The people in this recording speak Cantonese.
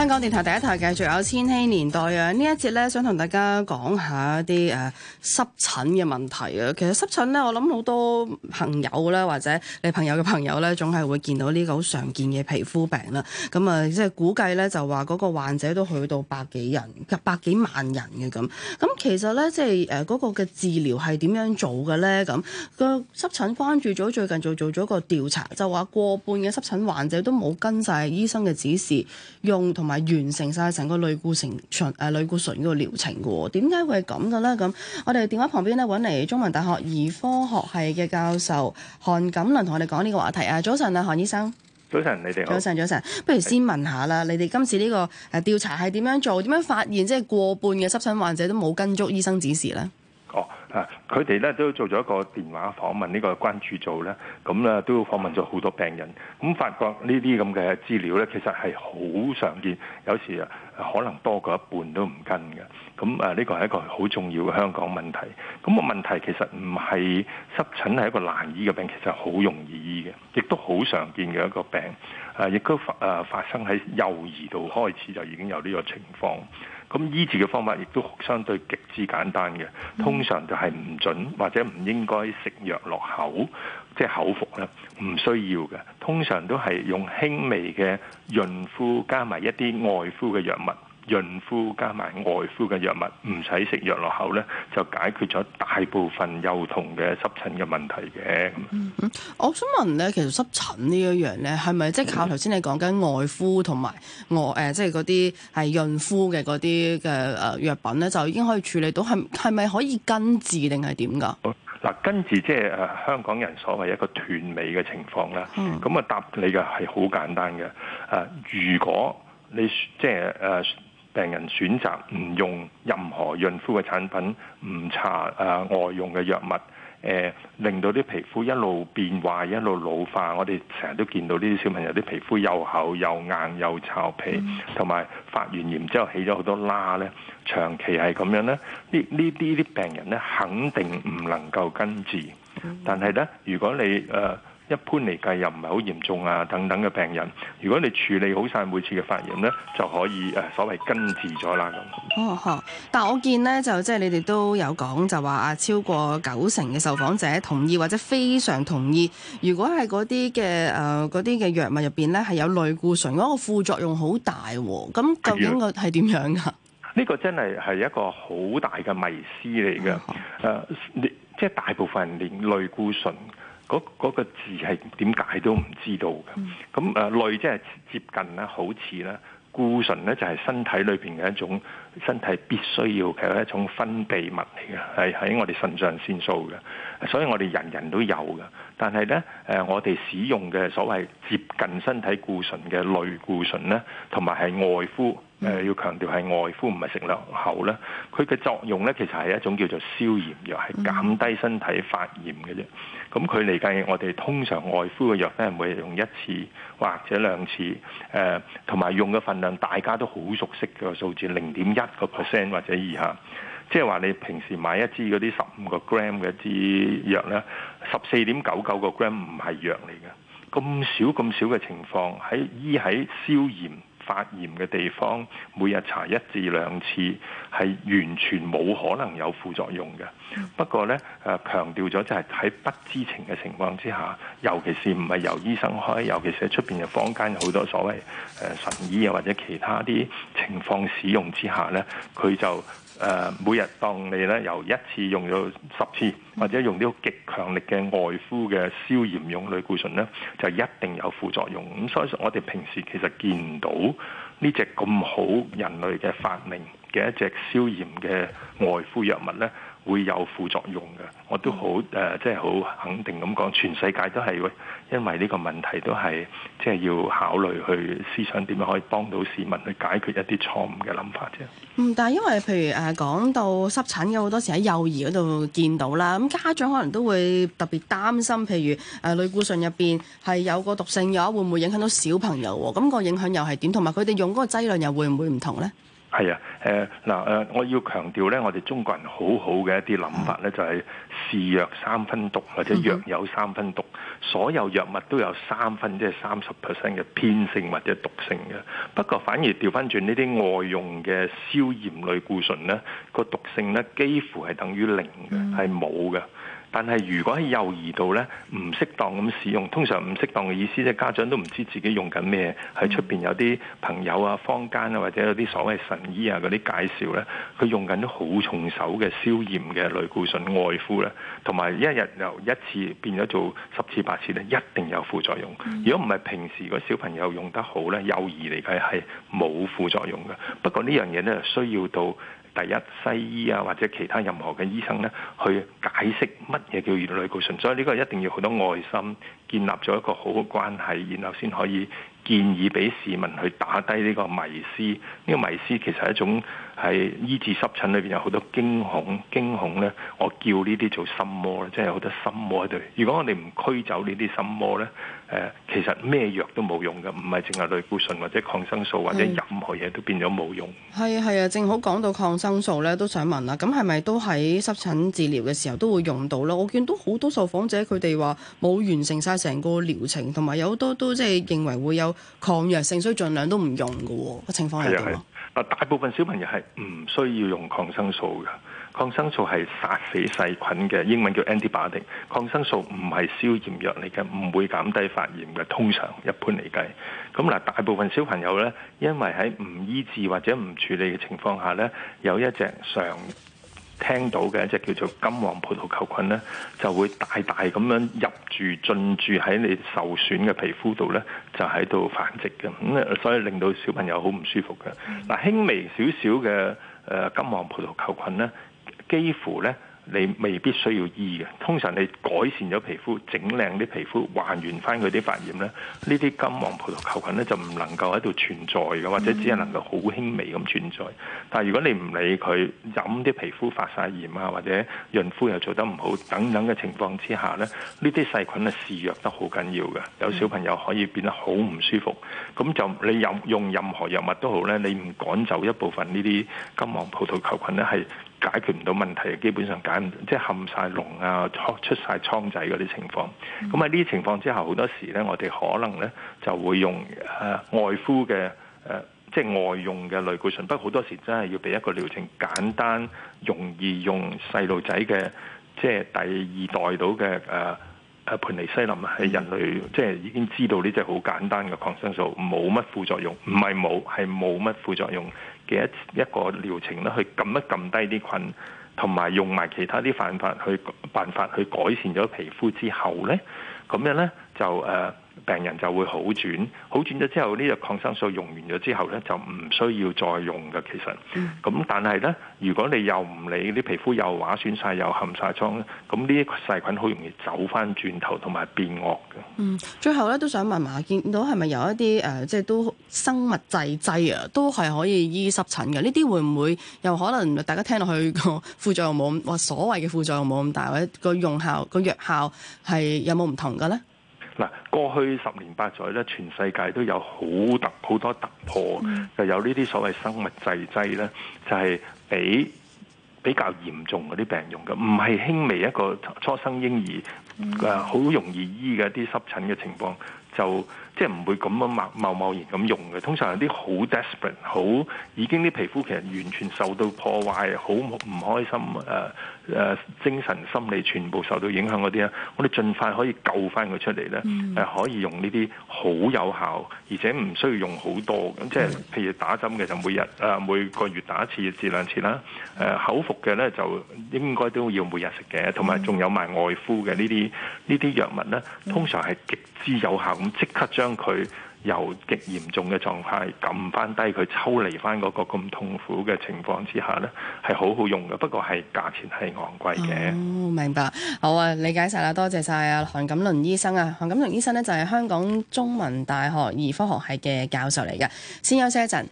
香港電台第一台繼續有千禧年代啊！一呢一節咧，想同大家講下一啲誒濕疹嘅問題啊！其實濕疹咧，我諗好多朋友咧，或者你朋友嘅朋友咧，總係會見到呢個好常見嘅皮膚病啦。咁啊，即係估計咧，就話嗰個患者，都去到百幾人、百幾萬人嘅咁。咁、啊、其實咧，即係誒嗰個嘅治療係點樣做嘅咧？咁、嗰個濕疹關注組最近就做咗個調查，就話過半嘅濕疹患者都冇跟晒醫生嘅指示用同。完成晒成個類固醇誒、呃、類固醇嗰個療程嘅喎，點解會係咁嘅咧？咁我哋電話旁邊咧，揾嚟中文大學兒科學系嘅教授韓錦倫，同我哋講呢個話題啊！早晨啊，韓醫生，早晨。你哋好，早晨、早晨，不如先問下啦，是你哋今次呢個誒調查係點樣做？點樣發現即係過半嘅濕疹患者都冇跟足醫生指示咧？哦。佢哋咧都做咗一個電話訪問呢個關注組咧，咁咧都訪問咗好多病人，咁發覺呢啲咁嘅資料咧，其實係好常見，有時啊可能多過一半都唔跟嘅，咁啊呢個係一個好重要嘅香港問題。咁個問題其實唔係濕疹係一個難醫嘅病，其實好容易醫嘅，亦都好常見嘅一個病，啊亦都誒發生喺幼兒度開始就已經有呢個情況。咁醫治嘅方法亦都相對極之簡單嘅，通常就係唔准或者唔應該食藥落口，即係口服咧，唔需要嘅。通常都係用輕微嘅潤膚加埋一啲外敷嘅藥物。潤膚加埋外敷嘅藥物，唔使食藥落口咧，就解決咗大部分幼童嘅濕疹嘅問題嘅。嗯。我想問咧，其實濕疹呢一樣咧，係咪即係靠頭先你講緊外敷同埋外誒，即係嗰啲係潤膚嘅嗰啲嘅誒藥品咧，就已經可以處理到係係咪可以根治定係點㗎？嗱，根、嗯、治即係誒、呃、香港人所謂一個斷尾嘅情況啦。咁啊、嗯，我答你嘅係好簡單嘅。誒、呃，如果你即係誒。呃呃病人選擇唔用任何潤膚嘅產品，唔搽誒外用嘅藥物，誒、呃、令到啲皮膚一路變壞，一路老化。我哋成日都見到呢啲小朋友啲皮膚又厚又硬又皺皮，同埋、嗯、發完炎之後起咗好多疤咧。長期係咁樣咧，呢呢啲啲病人咧肯定唔能夠根治。但係咧，如果你誒。呃一般嚟計又唔係好嚴重啊，等等嘅病人，如果你處理好晒每次嘅發炎咧，就可以誒、呃、所謂根治咗啦咁。哦，但係我見咧就即係、就是、你哋都有講就話啊，超過九成嘅受訪者同意或者非常同意。如果係嗰啲嘅誒嗰啲嘅藥物入邊咧係有類固醇嗰、那個副作用好大喎，哦，咁究竟個係點樣噶？呢個真係係一個好大嘅迷思嚟嘅，誒、哦，即係、呃就是、大部分人連類固醇。嗰個字係點解都唔知道嘅，咁誒、呃、類即係接近咧，好似啦。固醇咧就係身體裏邊嘅一種身體必須要嘅一種分泌物嚟嘅，係喺我哋腎上腺素嘅，所以我哋人人都有嘅。但係咧誒，我哋使用嘅所謂接近身體固醇嘅類固醇咧，同埋係外敷。誒、呃、要強調係外敷唔係食落喉咧，佢嘅作用咧其實係一種叫做消炎藥，係減低身體發炎嘅啫。咁佢嚟計，我哋通常外敷嘅藥咧，每日用一次或者兩次。誒、呃，同埋用嘅份量大家都好熟悉嘅數字，零點一個 percent 或者以下。即係話你平時買一支嗰啲十五個 gram 嘅一支藥咧，十四點九九個 gram 唔係藥嚟嘅，咁少咁少嘅情況喺醫喺消炎。發炎嘅地方，每日搽一至兩次，係完全冇可能有副作用嘅。不過呢，誒、呃、強調咗，就係喺不知情嘅情況之下，尤其是唔係由醫生開，尤其是喺出邊嘅坊間好多所謂誒、呃、神醫啊，或者其他啲情況使用之下呢，佢就。誒每日當你咧由一次用咗十次，或者用呢個極強力嘅外敷嘅消炎用類固醇咧，就一定有副作用。咁所以我哋平時其實見唔到呢隻咁好人類嘅發明嘅一隻消炎嘅外敷藥物咧。會有副作用嘅，我都好誒，即係好肯定咁講，全世界都係因為呢個問題都係即係要考慮去思想點樣可以幫到市民去解決一啲錯誤嘅諗法啫。嗯，但係因為譬如誒、啊、講到濕疹有好多時喺幼兒嗰度見到啦，咁家長可能都會特別擔心，譬如誒類固醇入邊係有個毒性嘅話，會唔會影響到小朋友喎？咁個影響又係點？同埋佢哋用嗰個劑量又會唔會唔同咧？係啊，誒嗱誒，我要強調咧，我哋中國人好好嘅一啲諗法咧，就係是試藥三分毒或者藥有三分毒，所有藥物都有三分，即係三十 percent 嘅偏性或者毒性嘅。不過反而調翻轉呢啲外用嘅消炎類固醇咧，個毒性咧幾乎係等於零嘅，係冇嘅。但係如果喺幼兒度呢，唔適當咁使用，通常唔適當嘅意思即係家長都唔知自己用緊咩，喺出邊有啲朋友啊、坊間啊，或者有啲所謂神醫啊嗰啲介紹呢，佢用緊好重手嘅消炎嘅類固醇外敷呢，同埋一日由一次變咗做十次八次呢，一定有副作用。如果唔係平時個小朋友用得好呢，幼兒嚟計係冇副作用嘅。不過呢樣嘢呢，需要到。第一，西醫啊，或者其他任何嘅醫生咧，去解釋乜嘢叫原來類固醇，所以呢個一定要好多愛心，建立咗一個好嘅關係，然後先可以建議俾市民去打低呢個迷思。呢個迷思其實係一種係醫治濕疹裏邊有好多驚恐，驚恐咧，我叫呢啲做心魔咧，即係好多心魔喺度。如果我哋唔驅走呢啲心魔咧，誒，其實咩藥都冇用嘅，唔係淨係類固醇或者抗生素或者任何嘢，都變咗冇用。係啊係啊，正好講到抗生素咧，都想問啦。咁係咪都喺濕疹治療嘅時候都會用到啦？我見到好多受訪者佢哋話冇完成晒成個療程，同埋有好多都即係認為會有抗藥性，所以盡量都唔用嘅。個情況係點？係啊係，啊大部分小朋友係唔需要用抗生素嘅。抗生素係殺死細菌嘅，英文叫 antibiotic。抗生素唔係消炎藥嚟嘅，唔會減低發炎嘅。通常一般嚟計，咁，嗱，大部分小朋友呢，因為喺唔醫治或者唔處理嘅情況下呢，有一隻常聽到嘅一隻叫做金黃葡萄球菌呢，就會大大咁樣入住、進駐喺你受損嘅皮膚度呢，就喺度繁殖嘅，咁所以令到小朋友好唔舒服嘅。嗱，輕微少少嘅，誒金黃葡萄球菌呢。幾乎咧，你未必需要醫嘅。通常你改善咗皮膚，整靚啲皮膚，還原翻佢啲發炎咧，呢啲金黃葡萄球菌咧就唔能夠喺度存在嘅，或者只係能夠好輕微咁存在。但係如果你唔理佢，飲啲皮膚發晒炎啊，或者潤膚又做得唔好等等嘅情況之下咧，呢啲細菌係肆虐得好緊要嘅。有小朋友可以變得好唔舒服，咁就你用用任何藥物都好咧，你唔趕走一部分呢啲金黃葡萄球菌咧係。解決唔到問題，基本上解唔，即係冚晒籠啊，出晒曬瘡仔嗰啲情況。咁喺呢啲情況之下，好多時咧，我哋可能咧就會用誒、呃、外敷嘅誒，即係外用嘅類固醇。不過好多時真係要俾一個療程簡單、容易用細路仔嘅，即係第二代到嘅誒。呃係盤尼西林，係人類即係已經知道呢隻好簡單嘅抗生素，冇乜副作用，唔係冇係冇乜副作用嘅，一一個療程咧，去撳一撳低啲菌，同埋用埋其他啲辦法去辦法去改善咗皮膚之後咧，咁樣咧就誒。Uh, 病人就會好轉，好轉咗之後，呢個抗生素用完咗之後咧，就唔需要再用嘅。其實，咁、嗯、但係咧，如果你又唔理啲皮膚又畫損晒，又冚晒瘡咧，咁呢啲細菌好容易走翻轉頭，同埋變惡嘅。嗯，最後咧都想問下，見到係咪有一啲誒、呃，即係都生物製劑啊，都係可以醫濕疹嘅？呢啲會唔會又可能大家聽落去個副作用冇咁話，所謂嘅副作用冇咁大，或者個用效、個藥效係有冇唔同嘅咧？嗱，過去十年八載咧，全世界都有好突好多突破，mm. 就有呢啲所謂生物製劑咧，就係、是、比比較嚴重嗰啲病用嘅，唔係輕微一個初生嬰兒啊，好、mm. 呃、容易醫嘅一啲濕疹嘅情況。就即係唔會咁樣貿貿貿然咁用嘅，通常有啲好 desperate，好已經啲皮膚其實完全受到破壞，好唔開心，誒、呃、誒精神心理全部受到影響嗰啲啊，我哋盡快可以救翻佢出嚟咧，係、mm. 啊、可以用呢啲好有效，而且唔需要用好多咁，即係、就是、譬如打針嘅就每日啊、呃、每個月打一次至兩次啦，誒、啊、口服嘅咧就應該都要每日食嘅，同埋仲有埋外敷嘅呢啲呢啲藥物咧，通常係極之有效。咁即刻將佢由極嚴重嘅狀態撳翻低，佢抽離翻嗰個咁痛苦嘅情況之下呢係好好用嘅，不過係價錢係昂貴嘅。哦，明白，好啊，理解晒啦，多謝晒啊，韓錦倫醫生啊，韓錦倫醫生呢，就係香港中文大學兒科學系嘅教授嚟嘅，先休息一陣。